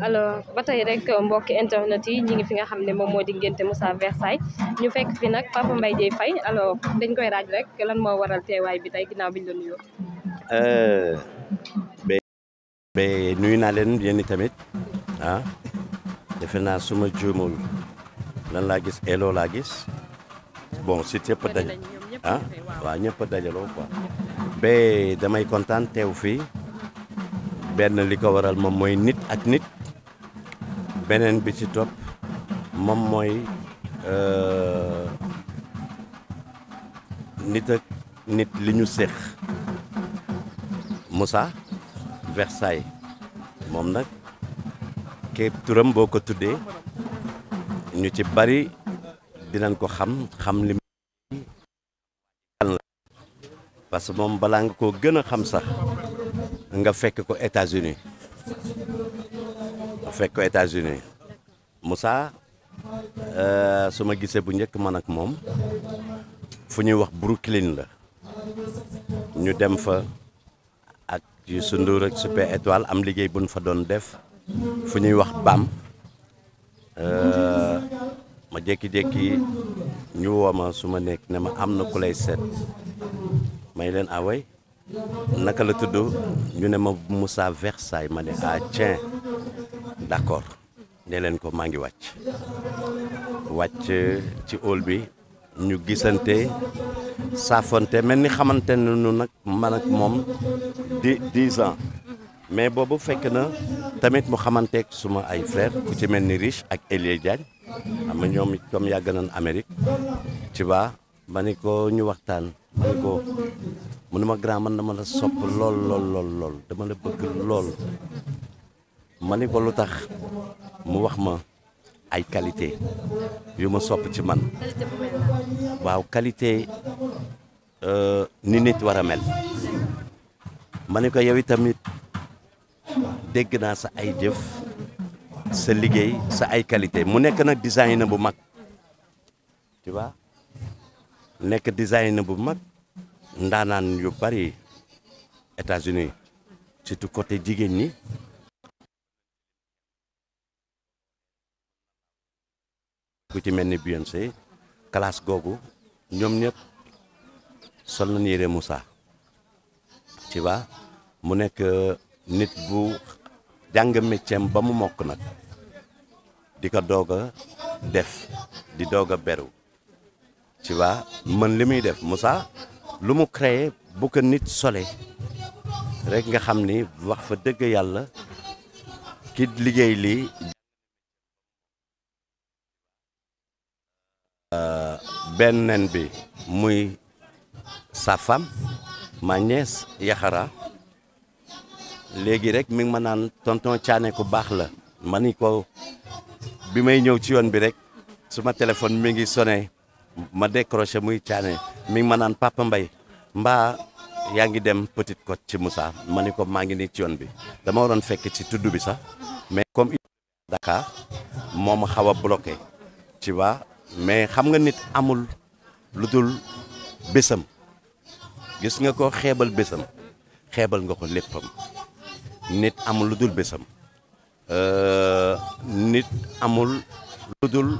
alors ba tey rek mbokki internet yi ñi ngi fi nga xam ne moom moo di ngénte Moussa Versailles ñu fekk fi nag Papa mbay Dieye Faye alors dañ koy raaj rek lan moo waral teewaay bi tey ginnaaw biñ euh, naa leen yéen tamit ah. defe naa suma juumul lan laa gis elo laa gis bon si yëpp daj ah waaw ñëpp dajaloo ko ba damay kontaan teew fii benn li ko waral moom mooy nit ak nit. beneen bi ci topp moom mooy euh, nit ak nit li ñu seex Moussa Versailles moom nag képp turam boo ko tuddee ñu ci bari dinañ ko xam xam li parce que moom balaa nga koo gën a xam sax nga fekk ko États-Unis fekk ko États-Unis Moussa euh, su ma gisee bu njëkk man ak moom fu ñuy wax Brooklyn la ñu dem fa ak Youssou Ndour ak Super Étoile am liggéey buñ fa doon def fu ñuy wax BAM euh, ma jékki-jékki ñu woo ma su ma nekk ne ma am na ku lay seet may leen away ah naka la tudd ñu ne ma Moussa Versailles ma ne ah tiens d' accord ne ko maa ngi wàcc wàcc ci hall bi ñu gisante saafonte mel ni xamante ne nu nag man ak moom di dix mais boobu fekk na tamit mu xamanteek suma ay frère ku ci mel ni riche ak Elie Diagne xam nga ñoom comme yàgg nañ Amérique ci ba ma ni ko ñu waxtaan ma ni ko mu ne ma grand man dama la sopp lool lool lool lool dama la bëgg lool ma ni ko lu tax mu wax ma ay qualité yu ma sopp ci man waaw qualité euh, ni nit war a mel ma ni ko yow tamit dégg naa sa ay jëf sa liggéey sa ay qualité mu nekk nag na bu mag tu vois nekk designer bu mag ndaanaan yu bari États-Unis surtout côté jigéen ñi ku ci mel ni BMC classe googu ñoom ñëpp sol nañ yére Moussa mu nekk euh, nit bu jàng métier ba mu mokk nag di ko doog a def di doog a beru tu vois mën li muy def musa lu mu créé bu ko nit sole rekk nga xam ni wax fa dëgg yàlla ki liggéey lii benneen bi muy sa fam ma nièce Yaxara léegi rek mi ngi ma naan tonton Thiané ku baax la ma ni ko bi may ñëw ci yoon bi rek su ma téléphone mi ngi sone ma décroché muy Thiané mi ngi ma naan papa mbaa yaa ngi dem Petite ko ci musa ma ni ko maa ngi nii ci yoon bi dama waroon fekk ci tudd bi sax mais comme Dakar moo ma xaw a bloqué tu mais xam nga nit amul lu dul bésam gis nga ko xeebal bésam xeebal nga ko léppam nit amul lu dul bésam euh, nit amul lu dul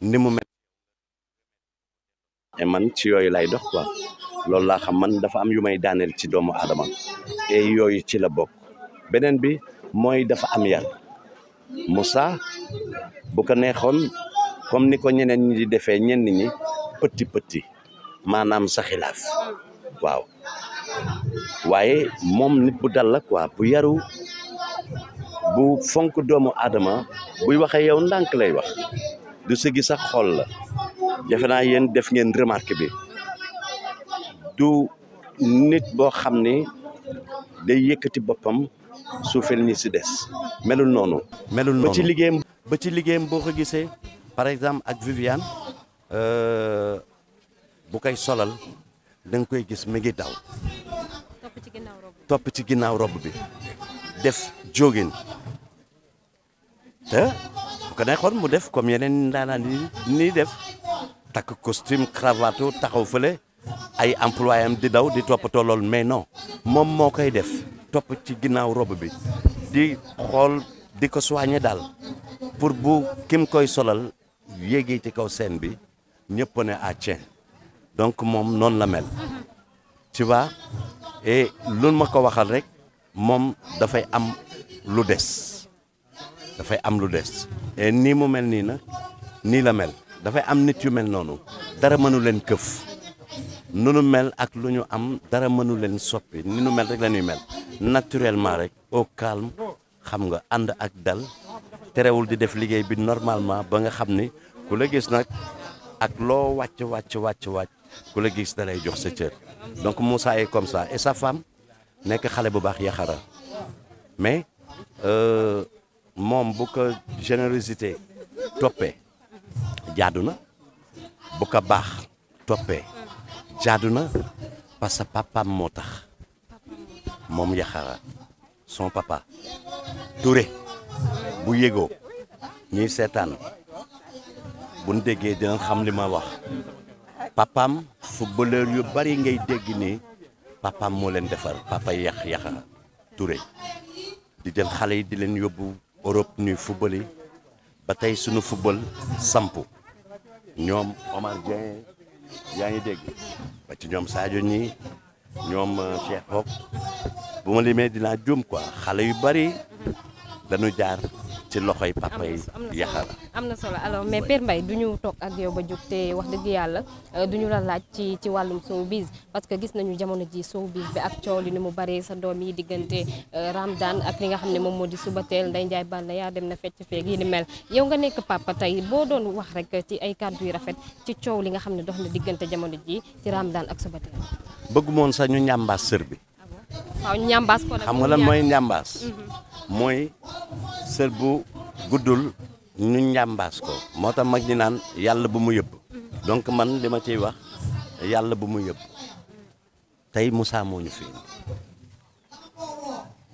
ni mu mel et man ci yooyu lay dox quoi loolu laa xam man dafa am yu may daaneel ci doomu aadama te yooyu ci la bokk beneen bi mooy dafa am yar Moussa bu ko neexoon comme ni ko ñeneen ñi di defee ñenn ñi pëtti pëtti maanaam sa xilaaf waaw waaye moom nit bu dal la ko bu yaru bu fonk doomu aadama buy waxee yow ndànk lay wax du sëggi sax xool la defe naa yéen def ngeen remarque bi du nit boo xam ni day yëkkati boppam suufel ñi si des melul noonu ba ci liggéeyam boo ko gisee par exemple ak Viviane euh, bu koy solal da koy gis mi ngi daw topp ci ginnaaw rob bi def jógin te bu ko neexoon mu def comme yeneen ndaanaan yi nii def takk costume cravate taxaw fële ay employé di daw di toppatoo lool mais noo moom moo koy def topp ci ginnaaw rob bi di xool di ko soigné daal pour bu kim koy solal yéegee ci kaw seen bi ñëpp ne ah donc moom noonu la mel tu vois lu ma ko waxal rek moom dafay am lu des dafay am lu des nii mu mel nii nag nii la mel dafay am nit yu mel noonu dara mënu leen këf nu nu mel ak lu ñu am dara mënu leen soppi ni nu mel rek la ñuy mel naturellement rek o calme xam nga ànd ak dal terewul di def liggéey bi normalement ba nga xam ni ku la gis nag ak loo wàcc wàcc wàcc wàcc ku la gis da lay jox sa cër donc Moussa est comme ça et sa femme nekk xale bu baax yaxara mais euh, moom bu ko générosité toppee jaadu na bu ko baax toppee jaadu na parce que papaam moo tax moom yaxara son papa Touré bu yégoo ñuy seetaan buñ déggee dina xam li ma wax papaam footballeur yu bari ngay dégg ni papaam moo leen defar papa yax yaxa Touré di jël xale yi di leen yóbbu Europe ñuy football ba tey suñu football sampu ñoom Omar Dieng yaa ngi dégg ba ci ñoom Sadio ñi ñoom euh, Cheikh Hock bu ma limee dinaa juum quoi xale yu bari dañu jaar ci loxoy papa yi yaxala am na solo alors mais Père Mbaye du ñu toog ak yow ba jóg te wax dëgg yàlla euh, duñu ñu la laaj ci ci wàllum showbiz parce que gis nañu jamono ji showbiz bi ak coow li ni mu bëree sa doom yi diggante euh, Ramdan ak li nga xam ne moom moo di Subatel Ndeye Ndiaye Balla yaa dem na fecc feeg yi ni yow nga nekk papa tey boo doon wax rek ci ay kàddu yu rafet ci coow li nga xam ne dox na diggante jamono ji ci Ramdan ak Subatel. bëgg moon sax ñu ñàmbaas sër bi. Ah waaw ñàmbaas ko xam nga lan mooy ñàmbaas. Mm-hmm. mooy sër bu guddul ñu njàmbaas ko moo tax mag ñi naan yàlla bu mu yëbb donc man li ma ciy wax yàlla bu mu yëbb tey Moussa moo ñu fi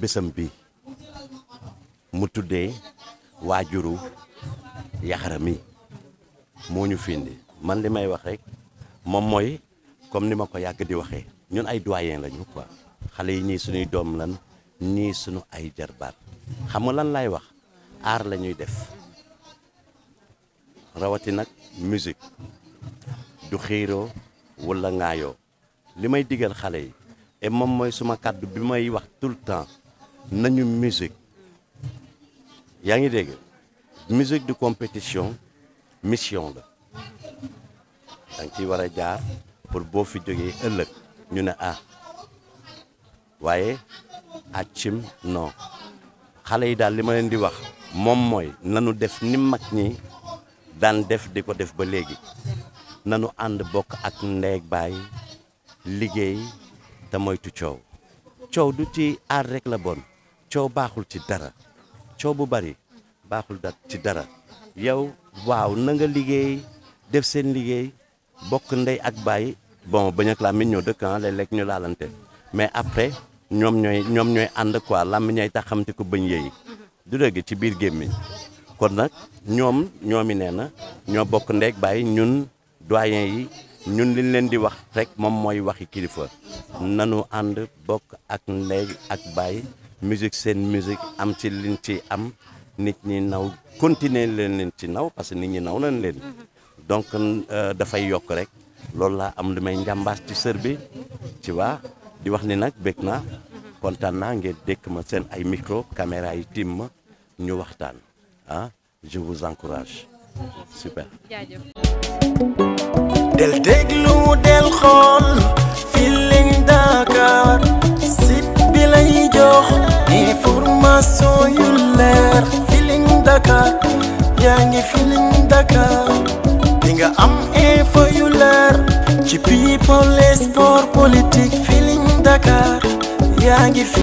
bésam bi mu tuddee waajuru yaxara mi moo ñu fiindi man li may wax rek moom mooy comme ni ma ko yàgg di waxee ñun ay doyen lañu quoi xale yi nii suñuy doom lan ñii suñu ay jarbaat xam nga lan lay wax aar la ñuy def rawati nag musique du xiiroo wala ŋaayoo li may digal xale yi et moom mooy suma kàddu bi may wax tout le temps nañu musique yaa ngi dégg musique de compétition mission la da nga ciy war a jaar pour boo fi jógee ëllëg ñu ne ah waaye accim non xale yi daal li ma leen di wax moom mooy nanu def ni mag ñi daan def di ko def ba léegi nanu ànd bokk ak ndeeg baay liggéey te moytu coow coow du ci aar rek la bon coow baaxul ci dara coow bu bari baaxul da ci dara yow waaw na nga liggéey def seen liggéey bokk ndey ak baay bon bañ ak laa mit ñoo dëkk ah, léeg ñu laalante mais après ñoom ñooy ñoom ñooy ànd quoi làmmiñ ñooy tax xamte ko bañ yëy du dëgg ci biir gémmiñ kon nag ñoom ñoomi nee na ñoo bokk ndeeg bàyyi ñun doyen yi ñun liñ leen di wax rek moom mooy waxi kilifa nanu ànd bokk ak ndey ak bàyyi musique seen musique am ci liñ ci am nit ñi naw continuer leen leen ci naw parce que nit ñi naw nañ leen donc euh, dafay yokk rek loolu laa am li may njàmbaas ci sër bi ci waa di wax ni nag bég naa kontaan naa ngeen dékk ma seen ay micro caméra yi tiim ma ñu waxtaan ah, del déglu del xool Feeling Dakar site bi lay jox information yu leer Feeling Dakar yaa ngi Feeling Dakar di am info yu leer ci people sport politique Feeling Dakar. yaa ngi fi